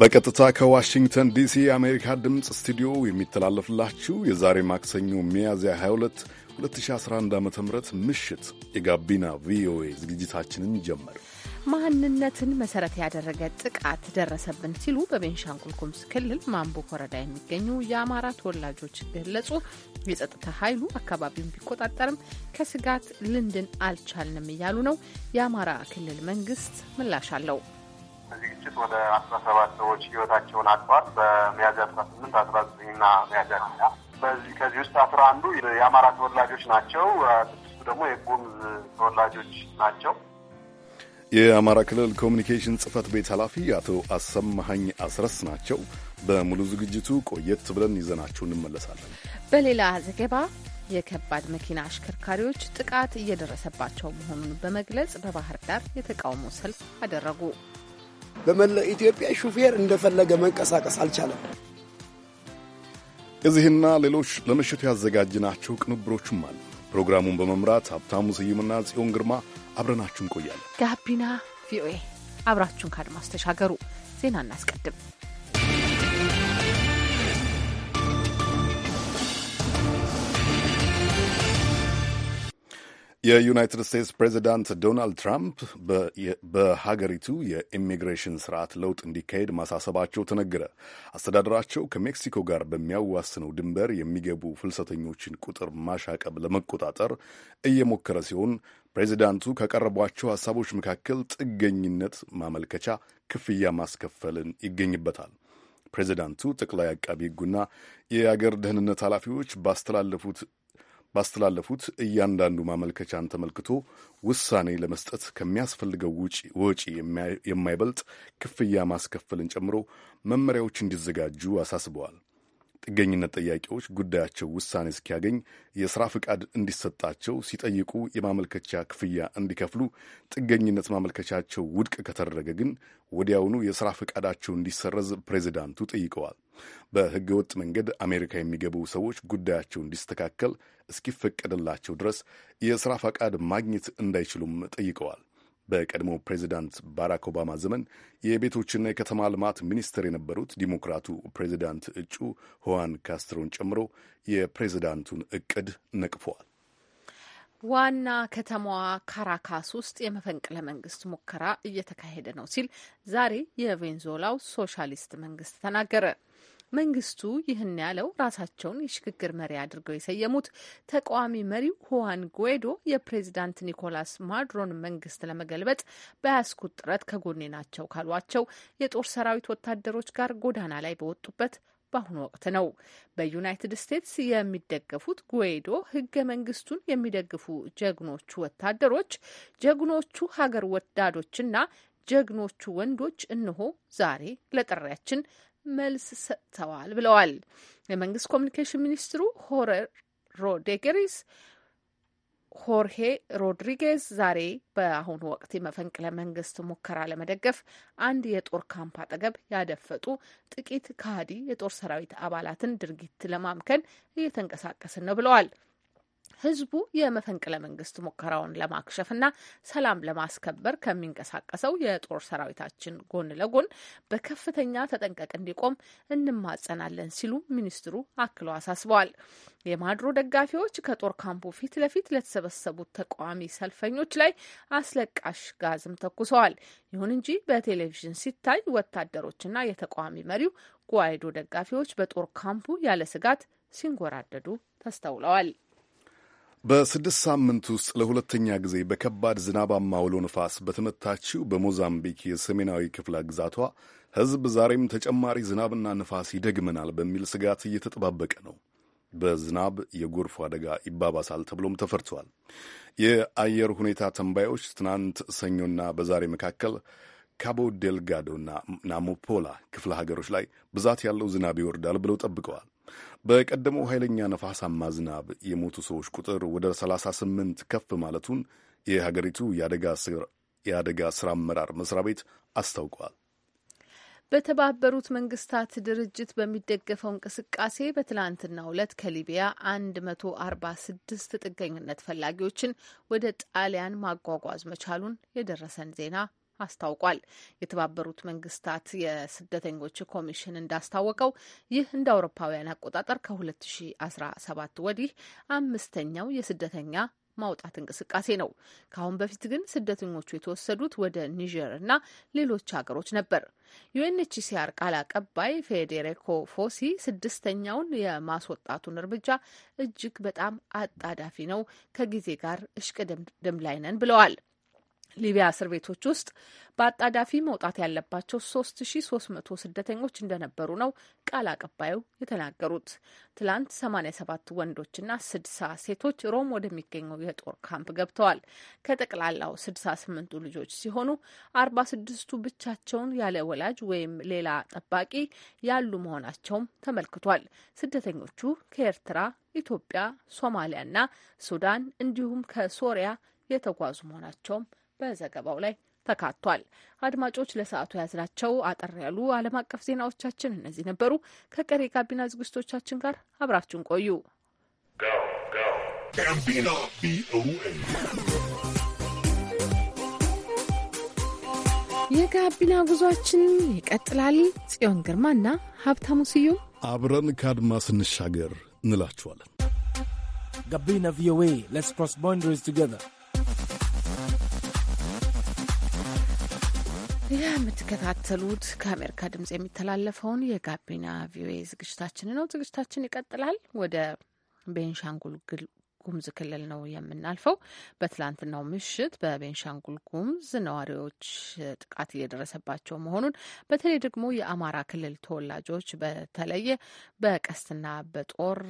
በቀጥታ ከዋሽንግተን ዲሲ የአሜሪካ ድምፅ ስቱዲዮ የሚተላለፍላችሁ የዛሬ ማክሰኞ ሚያዝያ 22 2011 ዓ ም ምሽት የጋቢና ቪኦኤ ዝግጅታችንን ጀመር። ማንነትን መሰረት ያደረገ ጥቃት ደረሰብን ሲሉ በቤንሻንጉል ጉሙዝ ክልል ማንቦክ ወረዳ የሚገኙ የአማራ ተወላጆች ገለጹ። የጸጥታ ኃይሉ አካባቢውን ቢቆጣጠርም ከስጋት ልንድን አልቻልንም እያሉ ነው። የአማራ ክልል መንግስት ምላሽ አለው። ወደ አስራ ሰባት ሰዎች ህይወታቸውን አጥተዋል በሚያዝያ አስራ ስምንት አስራ ዘጠኝ ና ሚያዝያ ሀያ በዚህ ከዚህ ውስጥ አስራ አንዱ የአማራ ተወላጆች ናቸው። ስድስቱ ደግሞ የጉሙዝ ተወላጆች ናቸው። የአማራ ክልል ኮሚኒኬሽን ጽህፈት ቤት ኃላፊ አቶ አሰማሀኝ አስረስ ናቸው። በሙሉ ዝግጅቱ ቆየት ብለን ይዘናችሁ እንመለሳለን። በሌላ ዘገባ የከባድ መኪና አሽከርካሪዎች ጥቃት እየደረሰባቸው መሆኑን በመግለጽ በባህር ዳር የተቃውሞ ሰልፍ አደረጉ። በመላው ኢትዮጵያ ሹፌር እንደፈለገ መንቀሳቀስ አልቻለም። እዚህና ሌሎች ለምሽቱ ያዘጋጅናቸው ቅንብሮችም አሉ። ፕሮግራሙን በመምራት ሀብታሙ ስዩምና ጽዮን ግርማ አብረናችሁ እንቆያለን። ጋቢና ቪኦኤ አብራችሁን ከአድማስ ተሻገሩ። ዜና እናስቀድም። የዩናይትድ ስቴትስ ፕሬዚዳንት ዶናልድ ትራምፕ በሀገሪቱ የኢሚግሬሽን ስርዓት ለውጥ እንዲካሄድ ማሳሰባቸው ተነገረ። አስተዳደራቸው ከሜክሲኮ ጋር በሚያዋስነው ድንበር የሚገቡ ፍልሰተኞችን ቁጥር ማሻቀብ ለመቆጣጠር እየሞከረ ሲሆን ፕሬዚዳንቱ ከቀረቧቸው ሀሳቦች መካከል ጥገኝነት ማመልከቻ ክፍያ ማስከፈልን ይገኝበታል። ፕሬዚዳንቱ ጠቅላይ አቃቢ ሕጉና የአገር ደህንነት ኃላፊዎች ባስተላለፉት ባስተላለፉት እያንዳንዱ ማመልከቻን ተመልክቶ ውሳኔ ለመስጠት ከሚያስፈልገው ወጪ የማይበልጥ ክፍያ ማስከፈልን ጨምሮ መመሪያዎች እንዲዘጋጁ አሳስበዋል። ጥገኝነት ጠያቂዎች ጉዳያቸው ውሳኔ እስኪያገኝ የሥራ ፍቃድ እንዲሰጣቸው ሲጠይቁ የማመልከቻ ክፍያ እንዲከፍሉ፣ ጥገኝነት ማመልከቻቸው ውድቅ ከተደረገ ግን ወዲያውኑ የሥራ ፍቃዳቸው እንዲሰረዝ ፕሬዚዳንቱ ጠይቀዋል። በሕገ ወጥ መንገድ አሜሪካ የሚገቡ ሰዎች ጉዳያቸው እንዲስተካከል እስኪፈቀድላቸው ድረስ የሥራ ፈቃድ ማግኘት እንዳይችሉም ጠይቀዋል። በቀድሞ ፕሬዚዳንት ባራክ ኦባማ ዘመን የቤቶችና የከተማ ልማት ሚኒስትር የነበሩት ዲሞክራቱ ፕሬዚዳንት እጩ ሁዋን ካስትሮን ጨምሮ የፕሬዚዳንቱን እቅድ ነቅፈዋል። ዋና ከተማዋ ካራካስ ውስጥ የመፈንቅለ መንግስት ሙከራ እየተካሄደ ነው ሲል ዛሬ የቬንዙዌላው ሶሻሊስት መንግስት ተናገረ። መንግስቱ ይህን ያለው ራሳቸውን የሽግግር መሪ አድርገው የሰየሙት ተቃዋሚ መሪው ሁዋን ጉዌዶ የፕሬዚዳንት ኒኮላስ ማዱሮን መንግስት ለመገልበጥ በያስኩት ጥረት ከጎኔ ናቸው ካሏቸው የጦር ሰራዊት ወታደሮች ጋር ጎዳና ላይ በወጡበት በአሁኑ ወቅት ነው። በዩናይትድ ስቴትስ የሚደገፉት ጉዌዶ ህገ መንግስቱን የሚደግፉ ጀግኖቹ ወታደሮች፣ ጀግኖቹ ሀገር ወዳዶችና ጀግኖቹ ወንዶች እነሆ ዛሬ ለጥሪያችን መልስ ሰጥተዋል ብለዋል። የመንግስት ኮሚኒኬሽን ሚኒስትሩ ሆረር ሮድሪጌስ ሆርሄ ሮድሪጌዝ ዛሬ በአሁኑ ወቅት የመፈንቅለ መንግስት ሙከራ ለመደገፍ አንድ የጦር ካምፕ አጠገብ ያደፈጡ ጥቂት ከሃዲ የጦር ሰራዊት አባላትን ድርጊት ለማምከን እየተንቀሳቀስን ነው ብለዋል። ህዝቡ የመፈንቅለ መንግስት ሙከራውን ለማክሸፍና ሰላም ለማስከበር ከሚንቀሳቀሰው የጦር ሰራዊታችን ጎን ለጎን በከፍተኛ ተጠንቀቅ እንዲቆም እንማጸናለን ሲሉ ሚኒስትሩ አክለው አሳስበዋል። የማድሮ ደጋፊዎች ከጦር ካምፑ ፊት ለፊት ለተሰበሰቡት ተቃዋሚ ሰልፈኞች ላይ አስለቃሽ ጋዝም ተኩሰዋል። ይሁን እንጂ በቴሌቪዥን ሲታይ ወታደሮችና የተቃዋሚ መሪው ጓይዶ ደጋፊዎች በጦር ካምፑ ያለ ስጋት ሲንጎራደዱ ተስተውለዋል። በስድስት ሳምንት ውስጥ ለሁለተኛ ጊዜ በከባድ ዝናባማ አውሎ ንፋስ በተመታችው በሞዛምቢክ የሰሜናዊ ክፍለ ግዛቷ ሕዝብ ዛሬም ተጨማሪ ዝናብና ንፋስ ይደግመናል በሚል ስጋት እየተጠባበቀ ነው። በዝናብ የጎርፍ አደጋ ይባባሳል ተብሎም ተፈርቷል። የአየር ሁኔታ ተንባዮች ትናንት ሰኞና በዛሬ መካከል ካቦ ዴልጋዶና ናሞፖላ ክፍለ ሀገሮች ላይ ብዛት ያለው ዝናብ ይወርዳል ብለው ጠብቀዋል። በቀደመው ኃይለኛ ነፋሳማ ዝናብ የሞቱ ሰዎች ቁጥር ወደ 38 ከፍ ማለቱን የሀገሪቱ የአደጋ ስራ አመራር መስሪያ ቤት አስታውቋል። በተባበሩት መንግስታት ድርጅት በሚደገፈው እንቅስቃሴ በትላንትናው ዕለት ከሊቢያ 146 ጥገኝነት ፈላጊዎችን ወደ ጣሊያን ማጓጓዝ መቻሉን የደረሰን ዜና አስታውቋል። የተባበሩት መንግስታት የስደተኞች ኮሚሽን እንዳስታወቀው ይህ እንደ አውሮፓውያን አቆጣጠር ከ2017 ወዲህ አምስተኛው የስደተኛ ማውጣት እንቅስቃሴ ነው። ከአሁን በፊት ግን ስደተኞቹ የተወሰዱት ወደ ኒጀር እና ሌሎች ሀገሮች ነበር። ዩኤንኤችሲአር ቃል አቀባይ ፌዴሪኮ ፎሲ ስድስተኛውን የማስወጣቱን እርምጃ እጅግ በጣም አጣዳፊ ነው፣ ከጊዜ ጋር እሽቅድምድም ላይ ነን ብለዋል። ሊቢያ እስር ቤቶች ውስጥ በአጣዳፊ መውጣት ያለባቸው 3300 ስደተኞች እንደነበሩ ነው ቃል አቀባዩ የተናገሩት። ትላንት 87 ወንዶችና 60 ሴቶች ሮም ወደሚገኘው የጦር ካምፕ ገብተዋል። ከጠቅላላው 68ቱ ልጆች ሲሆኑ 46ቱ ብቻቸውን ያለ ወላጅ ወይም ሌላ ጠባቂ ያሉ መሆናቸውም ተመልክቷል። ስደተኞቹ ከኤርትራ፣ ኢትዮጵያ፣ ሶማሊያና ሱዳን እንዲሁም ከሶሪያ የተጓዙ መሆናቸውም በዘገባው ላይ ተካቷል። አድማጮች ለሰዓቱ ያዝናቸው አጠር ያሉ ዓለም አቀፍ ዜናዎቻችን እነዚህ ነበሩ። ከቀሪ ጋቢና ዝግጅቶቻችን ጋር አብራችሁን ቆዩ። የጋቢና ጉዟችን ይቀጥላል። ጽዮን ግርማና ሀብታሙ ስዩም አብረን ከአድማ ስንሻገር እንላችኋለን። ጋቢና ቪኦኤ ሌትስ ክሮስ ባውንደሪስ ቱጌዘር የምትከታተሉት ከአሜሪካ ድምጽ የሚተላለፈውን የጋቢና ቪኦኤ ዝግጅታችን ነው። ዝግጅታችን ይቀጥላል። ወደ ቤንሻንጉል ጉሙዝ ክልል ነው የምናልፈው። በትላንትናው ምሽት በቤንሻንጉል ጉሙዝ ነዋሪዎች ጥቃት እየደረሰባቸው መሆኑን በተለይ ደግሞ የአማራ ክልል ተወላጆች በተለየ በቀስትና በጦር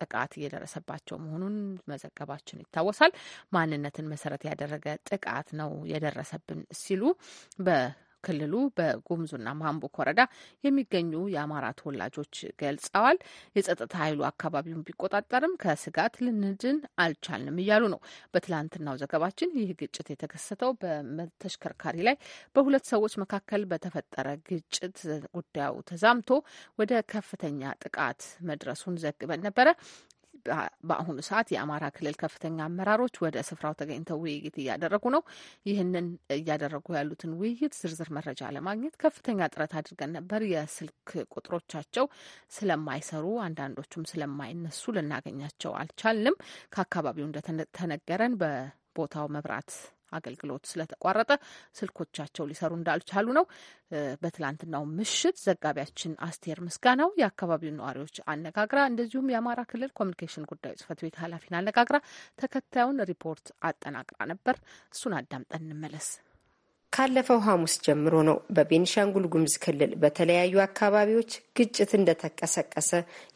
ጥቃት እየደረሰባቸው መሆኑን መዘገባችን ይታወሳል። ማንነትን መሰረት ያደረገ ጥቃት ነው የደረሰብን ሲሉ በ ክልሉ በጉምዙና ማምቡክ ወረዳ የሚገኙ የአማራ ተወላጆች ገልጸዋል። የጸጥታ ኃይሉ አካባቢውን ቢቆጣጠርም ከስጋት ልንድን አልቻልንም እያሉ ነው። በትላንትናው ዘገባችን ይህ ግጭት የተከሰተው በተሽከርካሪ ላይ በሁለት ሰዎች መካከል በተፈጠረ ግጭት ጉዳዩ ተዛምቶ ወደ ከፍተኛ ጥቃት መድረሱን ዘግበን ነበረ። በአሁኑ ሰዓት የአማራ ክልል ከፍተኛ አመራሮች ወደ ስፍራው ተገኝተው ውይይት እያደረጉ ነው። ይህንን እያደረጉ ያሉትን ውይይት ዝርዝር መረጃ ለማግኘት ከፍተኛ ጥረት አድርገን ነበር። የስልክ ቁጥሮቻቸው ስለማይሰሩ አንዳንዶቹም ስለማይነሱ ልናገኛቸው አልቻልንም። ከአካባቢው እንደተነገረን በቦታው መብራት አገልግሎት ስለተቋረጠ ስልኮቻቸው ሊሰሩ እንዳልቻሉ ነው። በትላንትናው ምሽት ዘጋቢያችን አስቴር ምስጋናው የአካባቢው ነዋሪዎች አነጋግራ እንደዚሁም የአማራ ክልል ኮሚኒኬሽን ጉዳዮች ጽፈት ቤት ኃላፊን አነጋግራ ተከታዩን ሪፖርት አጠናቅራ ነበር። እሱን አዳምጠን እንመለስ። ካለፈው ሐሙስ ጀምሮ ነው በቤንሻንጉል ጉምዝ ክልል በተለያዩ አካባቢዎች ግጭት እንደተቀሰቀሰ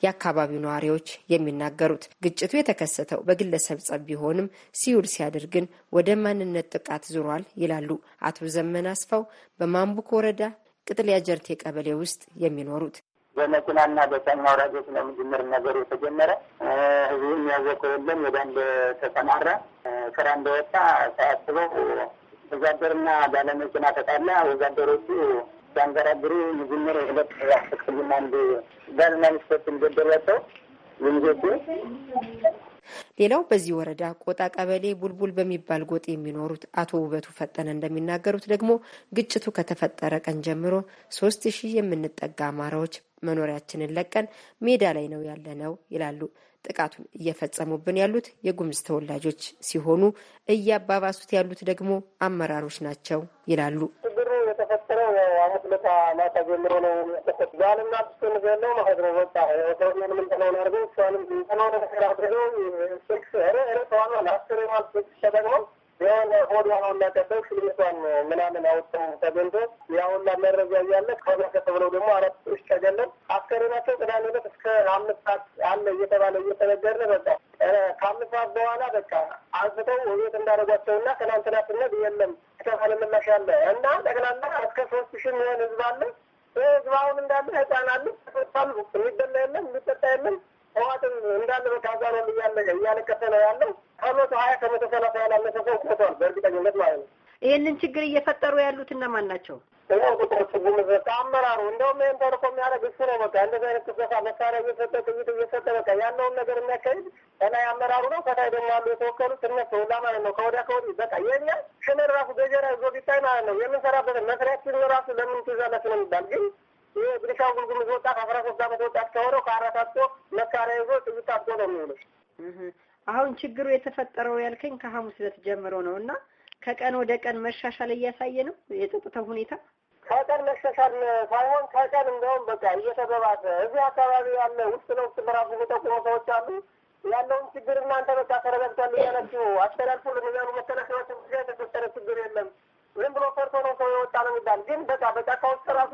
የአካባቢው ነዋሪዎች የሚናገሩት። ግጭቱ የተከሰተው በግለሰብ ጸብ ቢሆንም ሲውል ሲያድር ግን ወደ ማንነት ጥቃት ዙሯል ይላሉ አቶ ዘመን አስፋው በማንቡክ ወረዳ ቅጥልያ ጀርቴ ቀበሌ ውስጥ የሚኖሩት። በመኪናና በጫኝ አውራጆች ነው የምጀምር ነገሩ የተጀመረ። ህዝቡ ያወቀው ወደ አንድ ተሰማራ ስራ እንደወጣ ሳያስበው ወዛደርና ባለመኪና ተጣላ። ወዛደሮቹ ሲያንገራግሩ ይዝምር ሁለት ያስክልና አንድ ባልና ሚስቶች እንደደረሰው ልንጆቹ ሌላው በዚህ ወረዳ ቆጣ ቀበሌ ቡልቡል በሚባል ጎጥ የሚኖሩት አቶ ውበቱ ፈጠነ እንደሚናገሩት ደግሞ ግጭቱ ከተፈጠረ ቀን ጀምሮ ሶስት ሺህ የምንጠጋ አማራዎች መኖሪያችንን ለቀን ሜዳ ላይ ነው ያለ ነው ይላሉ። ጥቃቱን እየፈጸሙብን ያሉት የጉምዝ ተወላጆች ሲሆኑ እያባባሱት ያሉት ደግሞ አመራሮች ናቸው ይላሉ። ችግሩ የተፈጠረው አመት ለታ ማታ ጀምሮ ነው። ባልና ስን ዘለው ማለት ነው። በቃ ምንም እንትነውን አድርገው እሷንም እንትነውን ተከራድረው ስልክ ረ ረ ተዋኗል ለአስር ማል ስልክ ተጠቅመው የሆነ ሆዲያ ሁላ ቀደም ሽልሚቷን ምናምን አወጣው ተገንቶ ያሁላ መረጃ እያለ ከብረከ ተብለው ደግሞ አራት ሰዎች ተገለን አስከሬናቸው ቅዳሜ ዕለት እስከ አምስት ሰዓት አለ እየተባለ እየተነገረ በቃ ከአምስት ሰዓት በኋላ በቃ አንስተው እቤት እንዳደረጓቸው እና ትናንትና ስነት የለም የተባለ ምላሽ አለ እና ጠቅላላ እስከ ሶስት ሺህ የሚሆን ህዝብ አለ። ህዝብ አሁን እንዳለ ህፃን አለ ተፈታሉ። የሚበላ የለም የሚጠጣ የለም ጠዋትም እንዳለ በቃ እዛ ነው እያለቀሰ ነው ያለው። ከመቶ ሀያ ከመቶ ሰላሳ ያላነሰ ሰው ሞቷል በእርግጠኝነት ማለት ነው። ይህንን ችግር እየፈጠሩ ያሉት እነማን ናቸው? አመራሩ እንደውም ይህን ተርኮ የሚያደርግ እሱ ነው። በቃ እንደዚህ አይነት ክሰሳ መሳሪያ እየሰጠ ጥይት እየሰጠ በቃ ያለውን ነገር የሚያካሂድ ከላይ አመራሩ ነው። ከታይ ደግሞ አሉ የተወከሉት እነሱ ሁላ ማለት ነው። ከወዲያ ከወዲህ በቃ የኛ ሽመል ራሱ ገጀራ ይዞ ቢታይ ማለት ነው የምንሰራበትን መስሪያችን ራሱ ለምን ትዛለት ነው የሚባል ግን የቤኒሻንጉል ጉሙዝ ወጣት አስራ ሶስት አመት ወጣት ከሆነ ከአራት አቶ መሳሪያ ይዞ ጥይት አጥቆ ነው የሚውለው። አሁን ችግሩ የተፈጠረው ያልከኝ ከሐሙስ ዕለት ጀምሮ ነው እና ከቀን ወደ ቀን መሻሻል እያሳየ ነው የጸጥታው ሁኔታ። ከቀን መሻሻል ሳይሆን ከቀን እንደውም በቃ እየተገባሰ እዚህ አካባቢ ያለ ውስጥ ለውስጥ ምዕራፍ የሚጠቁሙ ሰዎች አሉ ያለውን ችግር እናንተ በቃ ተረጋግቷል እያላችሁ አስተላልፉ ለሚያሉ መከላከያዎች ጊዜ የተፈጠረ ችግር የለም ዝም ብሎ ፈርቶ ነው ሰው የወጣ ነው የሚባል ግን በቃ በጫካ ውስጥ ራሱ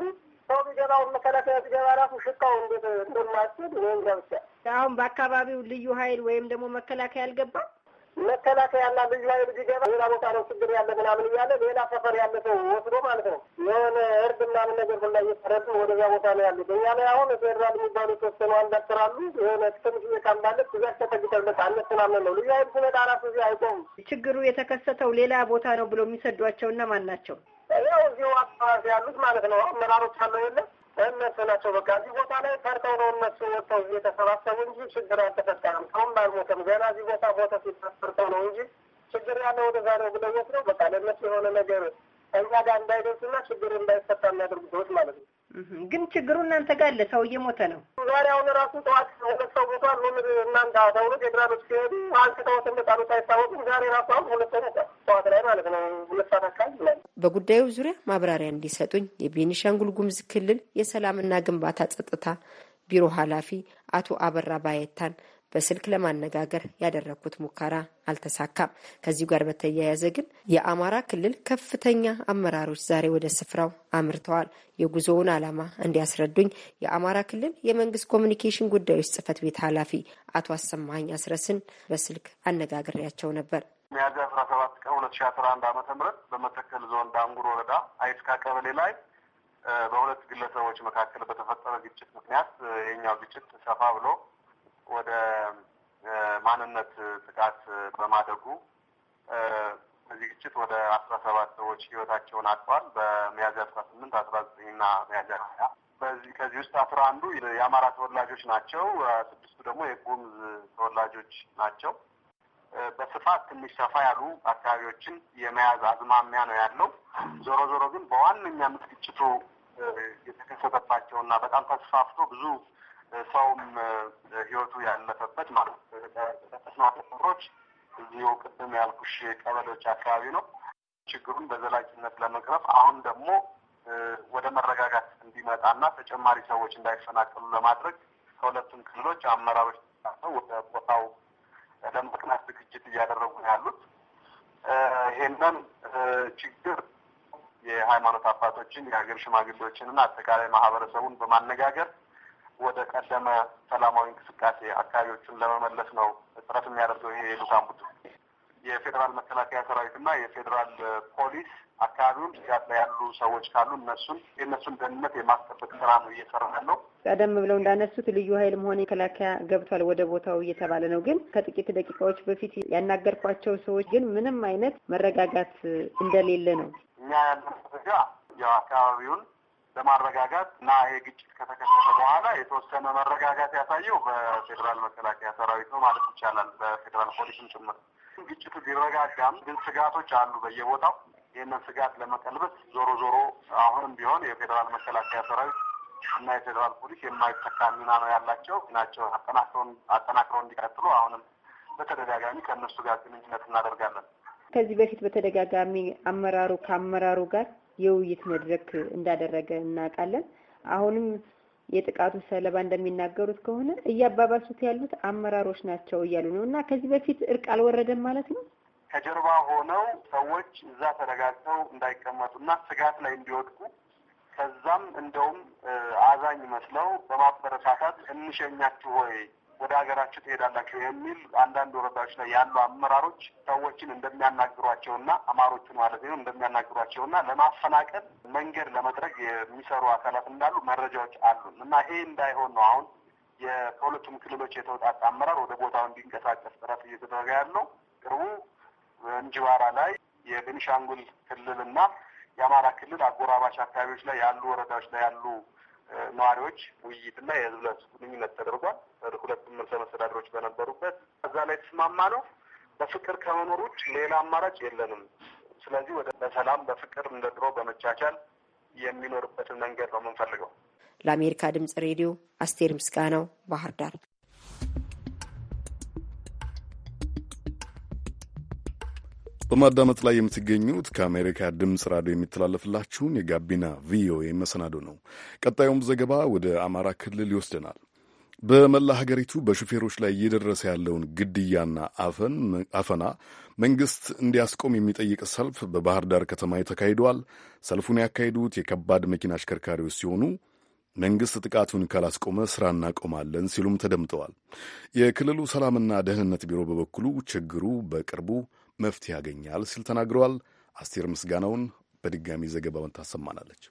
ሰው ቢገባው መከላከያ ሲገባ ራሱ ሽታው እንዴት እንደማስል ወይም ገብቻ አሁን በአካባቢው ልዩ ኃይል ወይም ደግሞ መከላከያ አልገባም። መከላከያና ልዩ ኃይል ሲገባ ሌላ ቦታ ነው ችግር ያለ ምናምን እያለ ሌላ ሰፈር ያለ ሰው ወስዶ ማለት ነው የሆነ እርድ ምናምን ነገር ሁላ እየተረዱ ወደዛ ቦታ ነው ያሉት። እኛ ላይ አሁን ፌዴራል የሚባሉ የተወሰኑ አንዳስራሉ የሆነ ትንሽ ካምባለት እዚያ ተጠግተለት አነስናምን ነው ልዩ ኃይል ሲመጣ ራሱ እዚህ አይቆም። ችግሩ የተከሰተው ሌላ ቦታ ነው ብሎ የሚሰዷቸው እነማን ናቸው? ያው እዚሁ አስተራፊ ያሉት ማለት ነው አመራሮች አለው የለ እነሱ ናቸው። በቃ እዚህ ቦታ ላይ ፈርተው ነው እነሱ ወጥተው የተሰባሰቡ እንጂ ችግር አልተፈጠረም። ሰውም አልሞተም። ገና እዚህ ቦታ ቦታ ሲፈርስ ፈርተው ነው እንጂ ችግር ያለው ወደዛ ነው ብለው ወስደው በቃ ለእነሱ የሆነ ነገር እኛ ጋር እንዳይደርስና ችግር እንዳይፈታ የሚያደርጉ ሰዎች ማለት ነው። ግን ችግሩ እናንተ ጋር አለ። ሰው እየሞተ ነው። ዛሬ አሁን ራሱ ጠዋት ሁለት ሰው ሞቷል። ምን እናንተ ተብሎ ጀኔራሎች ሲሄዱ አንስተውት እንደጣሉት አይታወቅም። ዛሬ ራሱ አሁን ሁለት ሰው ሞቷል፣ ጠዋት ላይ ማለት ነው። ሁለት ሰዓት አካባቢ በጉዳዩ ዙሪያ ማብራሪያ እንዲሰጡኝ የቤኒሻንጉል ጉምዝ ክልል የሰላምና ግንባታ ጸጥታ ቢሮ ኃላፊ አቶ አበራ ባየታን በስልክ ለማነጋገር ያደረግኩት ሙከራ አልተሳካም። ከዚሁ ጋር በተያያዘ ግን የአማራ ክልል ከፍተኛ አመራሮች ዛሬ ወደ ስፍራው አምርተዋል። የጉዞውን ዓላማ እንዲያስረዱኝ የአማራ ክልል የመንግስት ኮሚኒኬሽን ጉዳዮች ጽህፈት ቤት ኃላፊ አቶ አሰማኝ አስረስን በስልክ አነጋግሬያቸው ነበር። ሚያዝያ አስራ ሰባት ቀን ሁለት ሺ አስራ አንድ አመተ ምህረት በመተከል ዞን ዳንጉር ወረዳ አይስካ ቀበሌ ላይ በሁለት ግለሰቦች መካከል በተፈጠረ ግጭት ምክንያት የኛው ግጭት ሰፋ ብሎ ወደ ማንነት ጥቃት በማደጉ በዚህ ግጭት ወደ አስራ ሰባት ሰዎች ህይወታቸውን አጥተዋል። በሚያዝያ አስራ ስምንት አስራ ዘጠኝ እና ሚያዝያ ሀያ በዚህ ከዚህ ውስጥ አስራ አንዱ የአማራ ተወላጆች ናቸው። ስድስቱ ደግሞ የጎምዝ ተወላጆች ናቸው። በስፋት ትንሽ ሰፋ ያሉ አካባቢዎችን የመያዝ አዝማሚያ ነው ያለው። ዞሮ ዞሮ ግን በዋነኛነት ግጭቱ የተከሰተባቸው እና በጣም ተስፋፍቶ ብዙ ሰውም ህይወቱ ያለፈበት ማለት ተስማቶች እዚሁ ቅድም ያልኩሽ ቀበሌዎች አካባቢ ነው። ችግሩን በዘላቂነት ለመቅረፍ አሁን ደግሞ ወደ መረጋጋት እንዲመጣና ተጨማሪ ሰዎች እንዳይፈናቀሉ ለማድረግ ከሁለቱም ክልሎች አመራሮች ወደ ቦታው ለመቅናት ዝግጅት እያደረጉ ነው ያሉት። ይሄንን ችግር የሃይማኖት አባቶችን፣ የሀገር ሽማግሌዎችን አጠቃላይ ማህበረሰቡን በማነጋገር ወደ ቀደመ ሰላማዊ እንቅስቃሴ አካባቢዎችን ለመመለስ ነው ጥረት የሚያደርገው ይሄ የልዑካን ቡድን። የፌዴራል መከላከያ ሰራዊትና የፌዴራል ፖሊስ አካባቢውን ስጋት ላይ ያሉ ሰዎች ካሉ እነሱን የእነሱን ደህንነት የማስጠበቅ ስራ ነው እየሰራ ያለው። ቀደም ብለው እንዳነሱት ልዩ ኃይልም ሆነ መከላከያ ገብቷል ወደ ቦታው እየተባለ ነው። ግን ከጥቂት ደቂቃዎች በፊት ያናገርኳቸው ሰዎች ግን ምንም አይነት መረጋጋት እንደሌለ ነው። እኛ ያለ መረጃ የአካባቢውን ለማረጋጋት እና ይሄ ግጭት ከተከሰተ በኋላ የተወሰነ መረጋጋት ያሳየው በፌዴራል መከላከያ ሰራዊት ነው ማለት ይቻላል፣ በፌዴራል ፖሊስም ጭምር። ግጭቱ ቢረጋጋም ግን ስጋቶች አሉ በየቦታው። ይህንን ስጋት ለመቀልበስ ዞሮ ዞሮ አሁንም ቢሆን የፌዴራል መከላከያ ሰራዊት እና የፌዴራል ፖሊስ የማይተካ ሚና ነው ያላቸው። አጠናክረውን አጠናክረው እንዲቀጥሉ አሁንም በተደጋጋሚ ከእነሱ ጋር ግንኙነት እናደርጋለን። ከዚህ በፊት በተደጋጋሚ አመራሩ ከአመራሩ ጋር የውይይት መድረክ እንዳደረገ እናውቃለን። አሁንም የጥቃቱ ሰለባ እንደሚናገሩት ከሆነ እያባባሱት ያሉት አመራሮች ናቸው እያሉ ነው። እና ከዚህ በፊት እርቅ አልወረደም ማለት ነው። ከጀርባ ሆነው ሰዎች እዛ ተረጋግተው እንዳይቀመጡ እና ስጋት ላይ እንዲወድቁ ከዛም እንደውም አዛኝ መስለው በማበረታታት እንሸኛችሁ ወይ ወደ ሀገራችሁ ትሄዳላችሁ የሚል አንዳንድ ወረዳዎች ላይ ያሉ አመራሮች ሰዎችን እንደሚያናግሯቸውና አማሮቹን ማለት ነው እንደሚያናግሯቸውና ለማፈናቀል መንገድ ለመድረግ የሚሰሩ አካላት እንዳሉ መረጃዎች አሉን እና ይሄ እንዳይሆን ነው አሁን የሁለቱም ክልሎች የተውጣጣ አመራር ወደ ቦታው እንዲንቀሳቀስ ጥረት እየተደረገ ያለው። ቅርቡ እንጅባራ ላይ የቤኒሻንጉል እና የአማራ ክልል አጎራባች አካባቢዎች ላይ ያሉ ወረዳዎች ላይ ያሉ ነዋሪዎች ውይይትና የህዝብ ለህዝብ ግንኙነት ተደርጓል። ሁለቱም ርዕሰ መስተዳድሮች በነበሩበት እዛ ላይ ተስማማ ነው። በፍቅር ከመኖር ውጭ ሌላ አማራጭ የለንም። ስለዚህ ወደ በሰላም በፍቅር እንደ ድሮ በመቻቻል የሚኖርበትን መንገድ ነው የምንፈልገው። ለአሜሪካ ድምጽ ሬዲዮ አስቴር ምስጋናው ባህር ዳር። በማዳመጥ ላይ የምትገኙት ከአሜሪካ ድምፅ ራዲዮ የሚተላለፍላችሁን የጋቢና ቪኦኤ መሰናዶ ነው። ቀጣዩም ዘገባ ወደ አማራ ክልል ይወስደናል። በመላ ሀገሪቱ በሹፌሮች ላይ እየደረሰ ያለውን ግድያና አፈና መንግስት እንዲያስቆም የሚጠይቅ ሰልፍ በባህር ዳር ከተማ ተካሂደዋል። ሰልፉን ያካሂዱት የከባድ መኪና አሽከርካሪዎች ሲሆኑ መንግስት ጥቃቱን ካላስቆመ ስራ እናቆማለን ሲሉም ተደምጠዋል። የክልሉ ሰላምና ደህንነት ቢሮ በበኩሉ ችግሩ በቅርቡ መፍትሄ ያገኛል ሲል ተናግረዋል። አስቴር ምስጋናውን በድጋሚ ዘገባውን ታሰማናለች።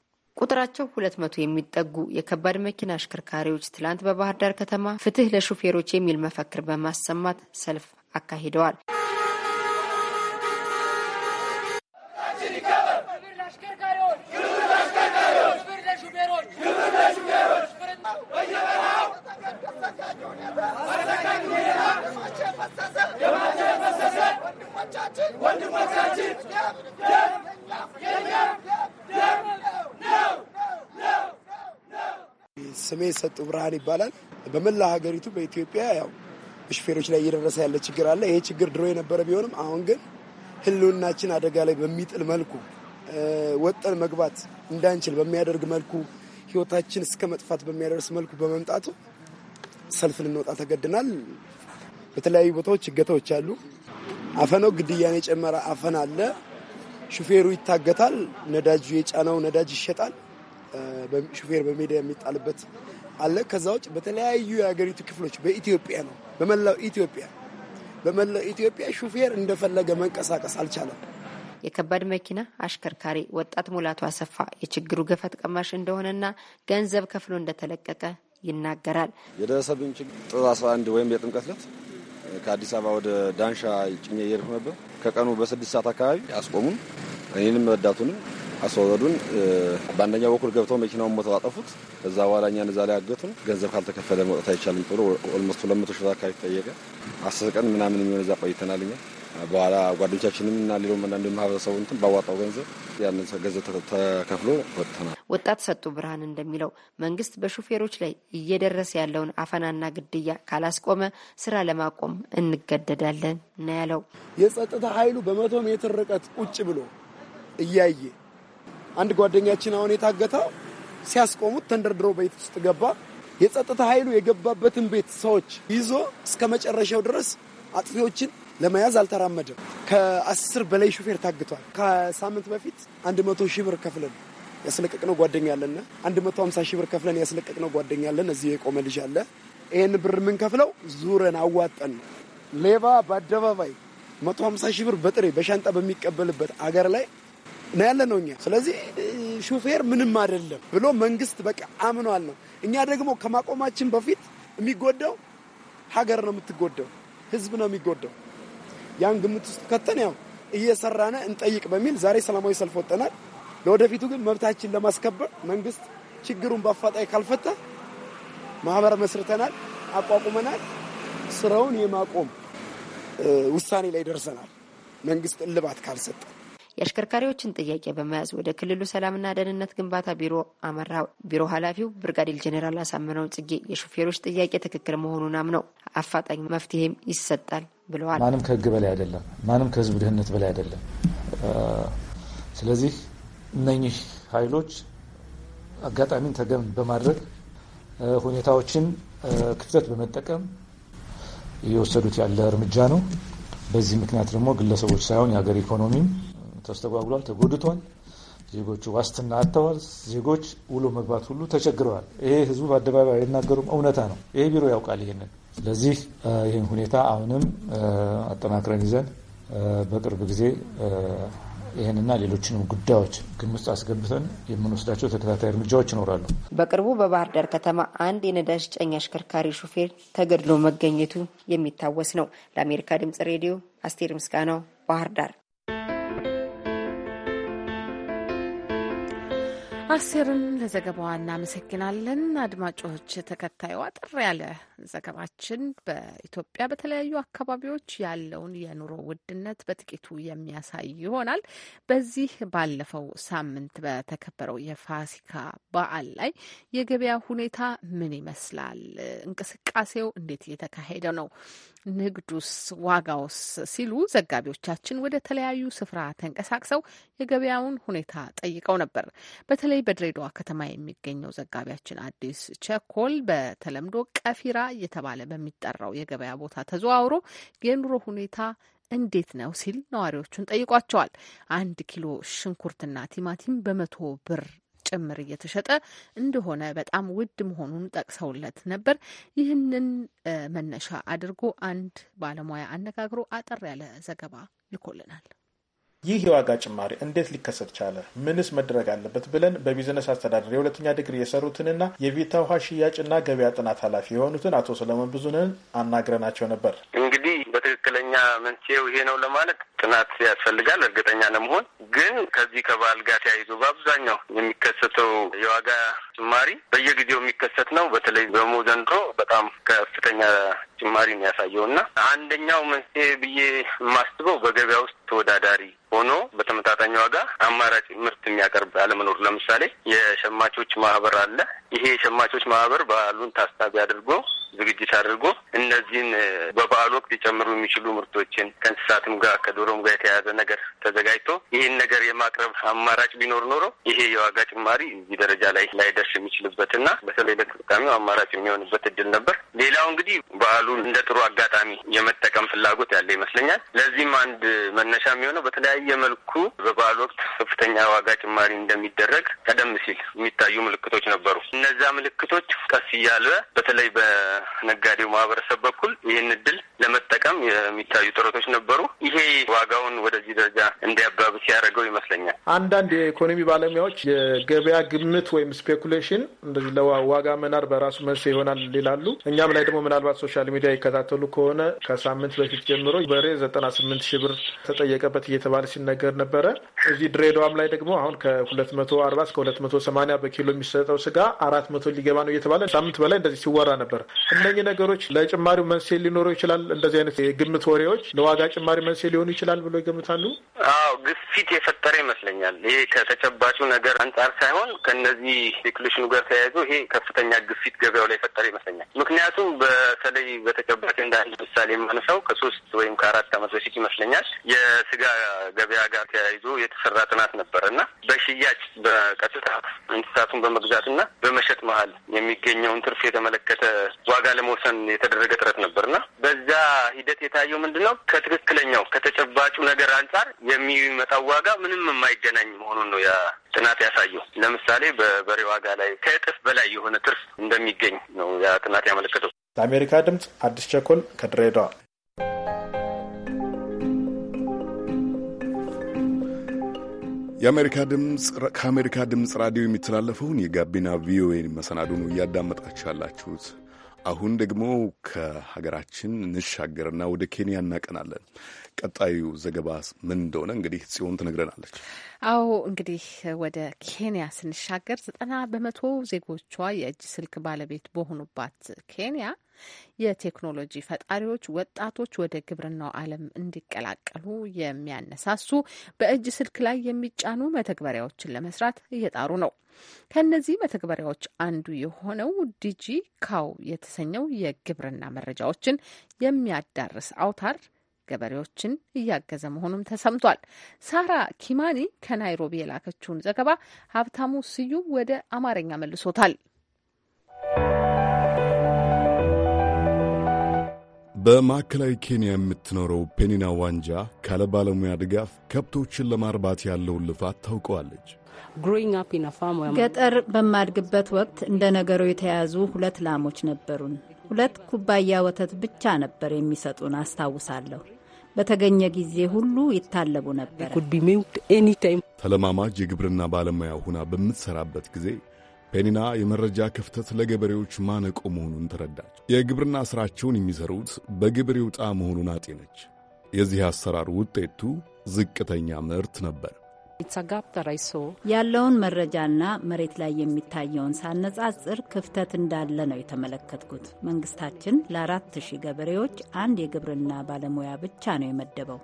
ቁጥራቸው ሁለት መቶ የሚጠጉ የከባድ መኪና አሽከርካሪዎች ትላንት በባህር ዳር ከተማ ፍትህ ለሹፌሮች የሚል መፈክር በማሰማት ሰልፍ አካሂደዋል። ስሜ ሰጡ ብርሃን ይባላል። በመላ ሀገሪቱ በኢትዮጵያ ያው በሹፌሮች ላይ እየደረሰ ያለ ችግር አለ። ይሄ ችግር ድሮ የነበረ ቢሆንም አሁን ግን ሕልውናችን አደጋ ላይ በሚጥል መልኩ ወጠን መግባት እንዳንችል በሚያደርግ መልኩ ሕይወታችን እስከ መጥፋት በሚያደርስ መልኩ በመምጣቱ ሰልፍ ልንወጣ ተገድናል። በተለያዩ ቦታዎች እገታዎች አሉ። አፈነው ግድያን የጨመረ አፈን አለ። ሹፌሩ ይታገታል። ነዳጁ የጫነው ነዳጅ ይሸጣል። ሹፌር በሜዳ የሚጣልበት አለ። ከዛ ውጭ በተለያዩ የሀገሪቱ ክፍሎች በኢትዮጵያ ነው፣ በመላው ኢትዮጵያ በመላው ኢትዮጵያ ሹፌር እንደፈለገ መንቀሳቀስ አልቻለም። የከባድ መኪና አሽከርካሪ ወጣት ሙላቱ አሰፋ የችግሩ ገፈት ቀማሽ እንደሆነና ገንዘብ ከፍሎ እንደተለቀቀ ይናገራል። የደረሰብኝ ችግር ጥር 11 ወይም የጥምቀት ዕለት ከአዲስ አበባ ወደ ዳንሻ ጭኛ እየሄድኩ ነበር። ከቀኑ በስድስት ሰዓት አካባቢ አስቆሙን። እኔንም ረዳቱንም አስወረዱን። በአንደኛው በኩል ገብተው መኪናውን ሞተው አጠፉት። ከዛ በኋላ እኛን እዛ ላይ አገቱን። ገንዘብ ካልተከፈለ መውጣት አይቻልም ተብሎ ኦልሞስት ሁለት መቶ ሺህ አካባቢ ተጠየቀ። አስር ቀን ምናምን የሚሆን እዛ ቆይተናል እኛ በኋላ ጓደኞቻችንም እና ሌሎም አንዳንድ ማህበረሰቡ እንትን ባዋጣው ገንዘብ ያን ገንዘብ ተከፍሎ ወጥተናል። ወጣት ሰጡ ብርሃን እንደሚለው መንግስት በሹፌሮች ላይ እየደረሰ ያለውን አፈናና ግድያ ካላስቆመ ስራ ለማቆም እንገደዳለን ነው ያለው። የጸጥታ ኃይሉ በመቶ ሜትር ርቀት ቁጭ ብሎ እያየ አንድ ጓደኛችን አሁን የታገተው ሲያስቆሙት ተንደርድሮ ቤት ውስጥ ገባ። የጸጥታ ኃይሉ የገባበትን ቤት ሰዎች ይዞ እስከ መጨረሻው ድረስ አጥፊዎችን ለመያዝ አልተራመደም። ከአስር በላይ ሹፌር ታግቷል። ከሳምንት በፊት አንድ መቶ ሺህ ብር ከፍለን ያስለቀቅነው ጓደኛ አለና አንድ መቶ ሀምሳ ሺህ ብር ከፍለን ያስለቀቅነው ጓደኛ አለን። እዚህ የቆመ ልጅ አለ። ይህን ብር የምንከፍለው ዙረን አዋጠን ነው። ሌባ በአደባባይ መቶ ሀምሳ ሺህ ብር በጥሬ በሻንጣ በሚቀበልበት አገር ላይ ነው ያለ ነው እኛ። ስለዚህ ሹፌር ምንም አይደለም ብሎ መንግስት በቃ አምኗል ነው። እኛ ደግሞ ከማቆማችን በፊት የሚጎዳው ሀገር ነው የምትጎዳው፣ ህዝብ ነው የሚጎዳው። ያን ግምት ውስጥ ከተን ያው እየሰራነ እንጠይቅ በሚል ዛሬ ሰላማዊ ሰልፍ ወጠናል። ለወደፊቱ ግን መብታችን ለማስከበር መንግስት ችግሩን በአፋጣኝ ካልፈታ ማህበር መስርተናል፣ አቋቁመናል። ስራውን የማቆም ውሳኔ ላይ ደርሰናል፣ መንግስት እልባት ካልሰጠ የአሽከርካሪዎችን ጥያቄ በመያዝ ወደ ክልሉ ሰላምና ደህንነት ግንባታ ቢሮ አመራ። ቢሮ ኃላፊው ብርጋዴር ጄኔራል አሳምነው ጽጌ የሾፌሮች ጥያቄ ትክክል መሆኑን አምነው አፋጣኝ መፍትሄም ይሰጣል ብለዋል። ማንም ከህግ በላይ አይደለም። ማንም ከህዝብ ድህነት በላይ አይደለም። ስለዚህ እነኚህ ኃይሎች አጋጣሚን ተገን በማድረግ ሁኔታዎችን ክፍተት በመጠቀም እየወሰዱት ያለ እርምጃ ነው። በዚህ ምክንያት ደግሞ ግለሰቦች ሳይሆን የሀገር ኢኮኖሚም ተስተጓጉሏል፣ ተጎድቷል። ዜጎቹ ዋስትና አጥተዋል። ዜጎች ውሎ መግባት ሁሉ ተቸግረዋል። ይሄ ህዝቡ በአደባባይ አይናገሩም፣ እውነታ ነው። ይሄ ቢሮ ያውቃል ይሄንን። ስለዚህ ይህን ሁኔታ አሁንም አጠናክረን ይዘን በቅርብ ጊዜ ይህንና ሌሎችንም ጉዳዮች ግምት ውስጥ አስገብተን የምንወስዳቸው ተከታታይ እርምጃዎች ይኖራሉ። በቅርቡ በባህር ዳር ከተማ አንድ የነዳጅ ጨኝ አሽከርካሪ ሹፌር ተገድሎ መገኘቱ የሚታወስ ነው። ለአሜሪካ ድምጽ ሬዲዮ አስቴር ምስጋናው ባህር ዳር አስቴርን ለዘገባዋ እናመሰግናለን። አድማጮች፣ ተከታዩ አጠር ያለ ዘገባችን በኢትዮጵያ በተለያዩ አካባቢዎች ያለውን የኑሮ ውድነት በጥቂቱ የሚያሳይ ይሆናል። በዚህ ባለፈው ሳምንት በተከበረው የፋሲካ በዓል ላይ የገበያ ሁኔታ ምን ይመስላል? እንቅስቃሴው እንዴት እየተካሄደ ነው? ንግዱስ፣ ዋጋውስ ሲሉ ዘጋቢዎቻችን ወደ ተለያዩ ስፍራ ተንቀሳቅሰው የገበያውን ሁኔታ ጠይቀው ነበር። በተለይ በድሬዳዋ ከተማ የሚገኘው ዘጋቢያችን አዲስ ቸኮል በተለምዶ ቀፊራ እየተባለ በሚጠራው የገበያ ቦታ ተዘዋውሮ የኑሮ ሁኔታ እንዴት ነው ሲል ነዋሪዎቹን ጠይቋቸዋል። አንድ ኪሎ ሽንኩርትና ቲማቲም በመቶ ብር ጭምር እየተሸጠ እንደሆነ በጣም ውድ መሆኑን ጠቅሰውለት ነበር። ይህንን መነሻ አድርጎ አንድ ባለሙያ አነጋግሮ አጠር ያለ ዘገባ ልኮልናል። ይህ የዋጋ ጭማሪ እንዴት ሊከሰት ቻለ? ምንስ መደረግ አለበት? ብለን በቢዝነስ አስተዳደር የሁለተኛ ዲግሪ የሰሩትንና የቪታ ውሃ ሽያጭና ገበያ ጥናት ኃላፊ የሆኑትን አቶ ሰለሞን ብዙንን አናግረናቸው ነበር። እንግዲህ በትክክለኛ መንስኤው ይሄ ነው ለማለት ጥናት ያስፈልጋል፣ እርግጠኛ ለመሆን ግን ከዚህ ከበዓል ጋር ተያይዞ በአብዛኛው የሚከሰተው የዋጋ ጭማሪ በየጊዜው የሚከሰት ነው። በተለይ ደግሞ ዘንድሮ በጣም ከፍተኛ ጭማሪ ነው ያሳየው እና አንደኛው መንስኤ ብዬ የማስበው በገበያ ውስጥ ተወዳዳሪ ሆኖ በተመጣጣኝ ዋጋ አማራጭ ምርት የሚያቀርብ አለመኖር። ለምሳሌ የሸማቾች ማህበር አለ። ይሄ የሸማቾች ማህበር ባሉን ታሳቢ አድርጎ ዝግጅት አድርጎ እነዚህን በበዓል ወቅት ሊጨምሩ የሚችሉ ምርቶችን ከእንስሳትም ጋር ከዶሮም ጋር የተያያዘ ነገር ተዘጋጅቶ ይህን ነገር የማቅረብ አማራጭ ቢኖር ኖሮ ይሄ የዋጋ ጭማሪ እዚህ ደረጃ ላይ ላይደርስ የሚችልበትና በተለይ ለተጠቃሚው አማራጭ የሚሆንበት እድል ነበር። ሌላው እንግዲህ በዓሉን እንደ ጥሩ አጋጣሚ የመጠቀም ፍላጎት ያለ ይመስለኛል። ለዚህም አንድ መነሻ የሚሆነው በተለያየ መልኩ በበዓል ወቅት ከፍተኛ ዋጋ ጭማሪ እንደሚደረግ ቀደም ሲል የሚታዩ ምልክቶች ነበሩ። እነዚያ ምልክቶች ቀስ እያለ በተለይ ነጋዴው ማህበረሰብ በኩል ይህን እድል ለመጠቀም የሚታዩ ጥረቶች ነበሩ። ይሄ ዋጋውን ወደዚህ ደረጃ እንዲያባብስ ያደረገው ይመስለኛል። አንዳንድ የኢኮኖሚ ባለሙያዎች የገበያ ግምት ወይም ስፔኩሌሽን እንደዚህ ለዋጋ መናር በራሱ መንስኤ ይሆናል ይላሉ። እኛም ላይ ደግሞ ምናልባት ሶሻል ሚዲያ ይከታተሉ ከሆነ ከሳምንት በፊት ጀምሮ በሬ ዘጠና ስምንት ሺህ ብር ተጠየቀበት እየተባለ ሲነገር ነበረ። እዚህ ድሬዳዋም ላይ ደግሞ አሁን ከሁለት መቶ አርባ እስከ ሁለት መቶ ሰማኒያ በኪሎ የሚሰጠው ስጋ አራት መቶ ሊገባ ነው እየተባለ ሳምንት በላይ እንደዚህ ሲወራ ነበር። እነኚህ ነገሮች ለጭማሪው መንስኤ ሊኖረው ይችላል። እንደዚህ አይነት የግምት ወሬዎች ለዋጋ ጭማሪ መንስኤ ሊሆኑ ይችላል ብሎ ይገምታሉ? አዎ ግፊት የፈጠረ ይመስለኛል። ይሄ ከተጨባጩ ነገር አንጻር ሳይሆን ከነዚህ ዲክሌሽኑ ጋር ተያይዞ ይሄ ከፍተኛ ግፊት ገበያው ላይ የፈጠረ ይመስለኛል። ምክንያቱም በተለይ በተጨባጭ እንደ አንድ ምሳሌ የማነሳው ከሶስት ወይም ከአራት ዓመት በፊት ይመስለኛል የስጋ ገበያ ጋር ተያይዞ የተሰራ ጥናት ነበር እና በሽያጭ በቀጥታ እንስሳቱን በመግዛትና በመሸጥ መሀል የሚገኘውን ትርፍ የተመለከተ ዋጋ ለመውሰን የተደረገ ጥረት ነበርና በዛ ሂደት የታየው ምንድን ነው ከትክክለኛው ከተጨባጩ ነገር አንጻር የሚመጣው ዋጋ ምንም የማይገናኝ መሆኑን ነው ያ ጥናት ያሳየው። ለምሳሌ በበሬ ዋጋ ላይ ከእጥፍ በላይ የሆነ ትርፍ እንደሚገኝ ነው ያ ጥናት ያመለከተው። ለአሜሪካ ድምፅ አዲስ ቸኮል ከድሬዳዋ። የአሜሪካ ድምፅ ከአሜሪካ ድምፅ ራዲዮ የሚተላለፈውን የጋቢና ቪኦኤ መሰናዶ ነው እያዳመጣችሁ ያላችሁት። አሁን ደግሞ ከሀገራችን እንሻገርና ወደ ኬንያ እናቀናለን። ቀጣዩ ዘገባ ምን እንደሆነ እንግዲህ ጽዮን ትነግረናለች። አዎ እንግዲህ ወደ ኬንያ ስንሻገር ዘጠና በመቶ ዜጎቿ የእጅ ስልክ ባለቤት በሆኑባት ኬንያ የቴክኖሎጂ ፈጣሪዎች ወጣቶች ወደ ግብርናው ዓለም እንዲቀላቀሉ የሚያነሳሱ በእጅ ስልክ ላይ የሚጫኑ መተግበሪያዎችን ለመስራት እየጣሩ ነው። ከእነዚህ መተግበሪያዎች አንዱ የሆነው ዲጂ ካው የተሰኘው የግብርና መረጃዎችን የሚያዳርስ አውታር ገበሬዎችን እያገዘ መሆኑም ተሰምቷል። ሳራ ኪማኒ ከናይሮቢ የላከችውን ዘገባ ሀብታሙ ስዩም ወደ አማርኛ መልሶታል። በማዕከላዊ ኬንያ የምትኖረው ፔኒና ዋንጃ ካለ ባለሙያ ድጋፍ ከብቶችን ለማርባት ያለውን ልፋት ታውቀዋለች። ገጠር በማድግበት ወቅት እንደ ነገሩ የተያዙ ሁለት ላሞች ነበሩን። ሁለት ኩባያ ወተት ብቻ ነበር የሚሰጡን አስታውሳለሁ። በተገኘ ጊዜ ሁሉ ይታለቡ ነበር። ተለማማጅ የግብርና ባለሙያ ሁና በምትሰራበት ጊዜ ፔኒና የመረጃ ክፍተት ለገበሬዎች ማነቆ መሆኑን ተረዳች። የግብርና ሥራቸውን የሚሠሩት በግብር ይውጣ መሆኑን አጤነች። የዚህ አሰራር ውጤቱ ዝቅተኛ ምርት ነበር። ያለውን መረጃና መሬት ላይ የሚታየውን ሳነጻጽር ክፍተት እንዳለ ነው የተመለከትኩት። መንግስታችን ለአራት ሺህ ገበሬዎች አንድ የግብርና ባለሙያ ብቻ ነው የመደበው።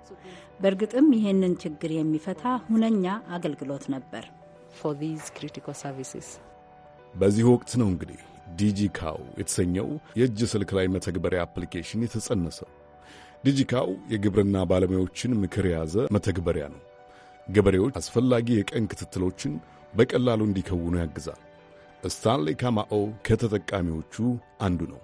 በእርግጥም ይህንን ችግር የሚፈታ ሁነኛ አገልግሎት ነበር። በዚህ ወቅት ነው እንግዲህ ዲጂካው የተሰኘው የእጅ ስልክ ላይ መተግበሪያ አፕሊኬሽን የተጸነሰው። ዲጂካው የግብርና ባለሙያዎችን ምክር የያዘ መተግበሪያ ነው። ገበሬዎች አስፈላጊ የቀን ክትትሎችን በቀላሉ እንዲከውኑ ያግዛል። ስታንሌ ካማኦ ከተጠቃሚዎቹ አንዱ ነው።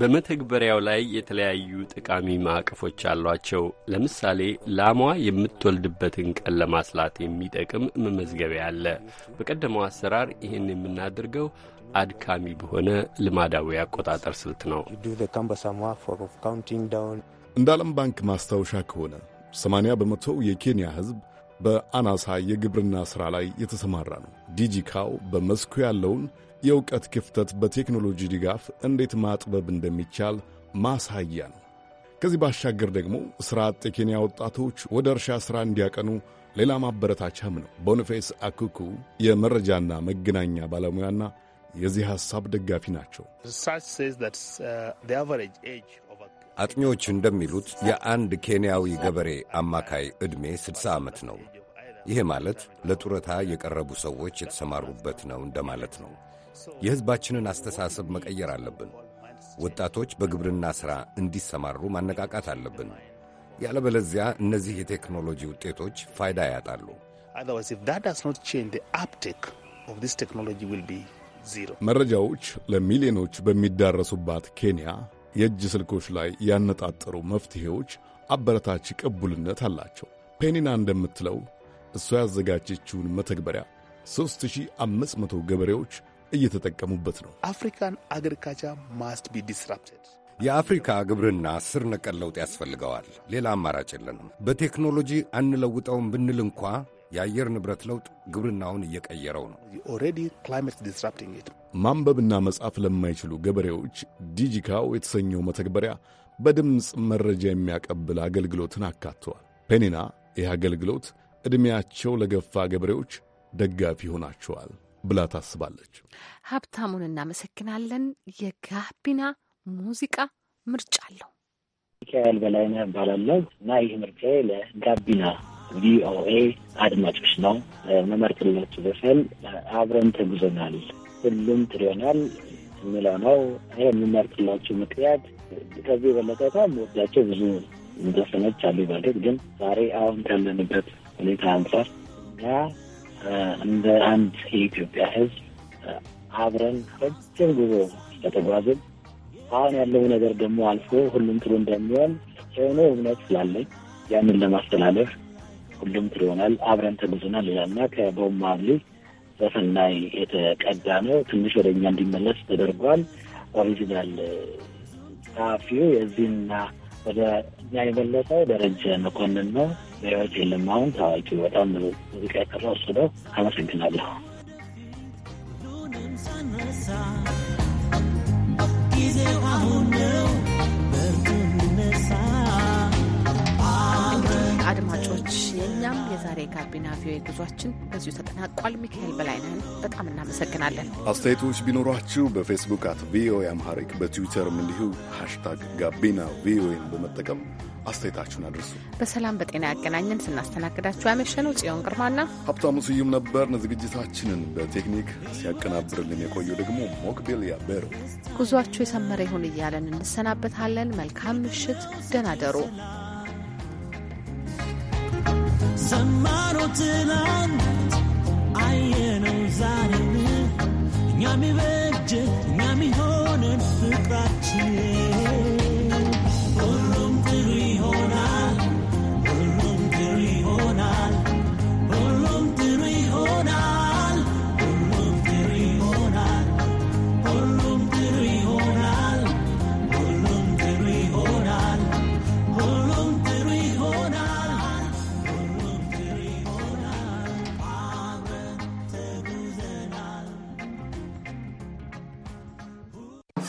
በመተግበሪያው ላይ የተለያዩ ጠቃሚ ማዕቀፎች አሏቸው። ለምሳሌ ላሟ የምትወልድበትን ቀን ለማስላት የሚጠቅም መመዝገቢያ አለ። በቀደመው አሰራር ይህን የምናደርገው አድካሚ በሆነ ልማዳዊ አቆጣጠር ስልት ነው። እንደ ዓለም ባንክ ማስታወሻ ከሆነ 80 በመቶ የኬንያ ሕዝብ በአናሳ የግብርና ሥራ ላይ የተሰማራ ነው። ዲጂካው በመስኩ ያለውን የእውቀት ክፍተት በቴክኖሎጂ ድጋፍ እንዴት ማጥበብ እንደሚቻል ማሳያ ነው። ከዚህ ባሻገር ደግሞ ሥራ አጥ የኬንያ ወጣቶች ወደ እርሻ ሥራ እንዲያቀኑ ሌላ ማበረታቻም ነው። ቦኒፌስ አኩኩ የመረጃና መገናኛ ባለሙያና የዚህ ሐሳብ ደጋፊ ናቸው። uh, አጥኚዎች እንደሚሉት የአንድ ኬንያዊ ገበሬ አማካይ ዕድሜ 60 ዓመት ነው። ይሄ ማለት ለጡረታ የቀረቡ ሰዎች የተሰማሩበት ነው እንደማለት ነው። የሕዝባችንን አስተሳሰብ መቀየር አለብን። ወጣቶች በግብርና ሥራ እንዲሰማሩ ማነቃቃት አለብን። ያለበለዚያ እነዚህ የቴክኖሎጂ ውጤቶች ፋይዳ ያጣሉ። መረጃዎች ለሚሊዮኖች በሚዳረሱባት ኬንያ የእጅ ስልኮች ላይ ያነጣጠሩ መፍትሔዎች አበረታች ቅቡልነት አላቸው። ፔኒና እንደምትለው እሷ ያዘጋጀችውን መተግበሪያ 3500 ገበሬዎች እየተጠቀሙበት ነው። አፍሪካን አግሪካልቸር ማስት ቢ ዲስራፕትድ የአፍሪካ ግብርና ስር ነቀል ለውጥ ያስፈልገዋል። ሌላ አማራጭ የለንም። በቴክኖሎጂ አንለውጠውም ብንል እንኳ የአየር ንብረት ለውጥ ግብርናውን እየቀየረው ነው። ማንበብና መጻፍ ለማይችሉ ገበሬዎች ዲጂካው የተሰኘው መተግበሪያ በድምፅ መረጃ የሚያቀብል አገልግሎትን አካቷል። ፔኒና ይህ አገልግሎት ዕድሜያቸው ለገፋ ገበሬዎች ደጋፊ ሆናቸዋል። ብላ ታስባለች። ሀብታሙን እናመሰግናለን። የጋቢና ሙዚቃ ምርጫ አለው። ሚካኤል በላይነ እባላለሁ እና ይህ ምርጫ ለጋቢና ቪኦኤ አድማጮች ነው። መመርጥላችሁ ዘፈን አብረን ተጉዘናል ሁሉም ትሪዮናል የሚለው ነው። ይህ የምመርጥላችሁ ምክንያት ከዚህ የበለጠ በጣም ወዳቸው ብዙ ዘፈኖች አሉ። በርግጥ ግን ዛሬ አሁን ካለንበት ሁኔታ አንጻር እና እንደ አንድ የኢትዮጵያ ሕዝብ አብረን ረጅም ጉዞ ስለተጓዝን አሁን ያለው ነገር ደግሞ አልፎ ሁሉም ጥሩ እንደሚሆን የሆነ እምነት ስላለኝ ያንን ለማስተላለፍ ሁሉም ጥሩ ይሆናል፣ አብረን ተጉዞናል ይላልና ከቦብ ማርሌ ዘፈን የተቀዳ ነው። ትንሽ ወደኛ እንዲመለስ ተደርጓል። ኦሪጂናል ጸሐፊው የዚህና ወደ እኛ የበለጠው ደረጀ መኮንን ነው። በሕይወት የለም አሁን ታዋቂ በጣም ሙዚቃ የቀረው እሱ ነው። አመሰግናለሁ። የዛሬ ጋቢና ቪኦኤ ጉዟችን በዚሁ ተጠናቋል። ሚካኤል በላይነን በጣም እናመሰግናለን። አስተያየቶች ቢኖሯችሁ በፌስቡክ አት ቪኦኤ አምሃሪክ በትዊተርም እንዲሁ ሃሽታግ ጋቢና ቪኦኤን በመጠቀም አስተያየታችሁን አድርሱ። በሰላም በጤና ያገናኘን። ስናስተናግዳችሁ ያመሸነው ጽዮን ግርማና ሀብታሙ ስዩም ነበርን። ዝግጅታችንን በቴክኒክ ሲያቀናብርልን የቆየው ደግሞ ሞክቤል ያበሩ። ጉዟችሁ የሰመረ ይሁን እያለን እንሰናበታለን። መልካም ምሽት፣ ደህና ደሩ። ሰማነው ትናንት አየነው ዛሬን እኛ ሚበጀ እኛ ሚሆነን ፍቅራችን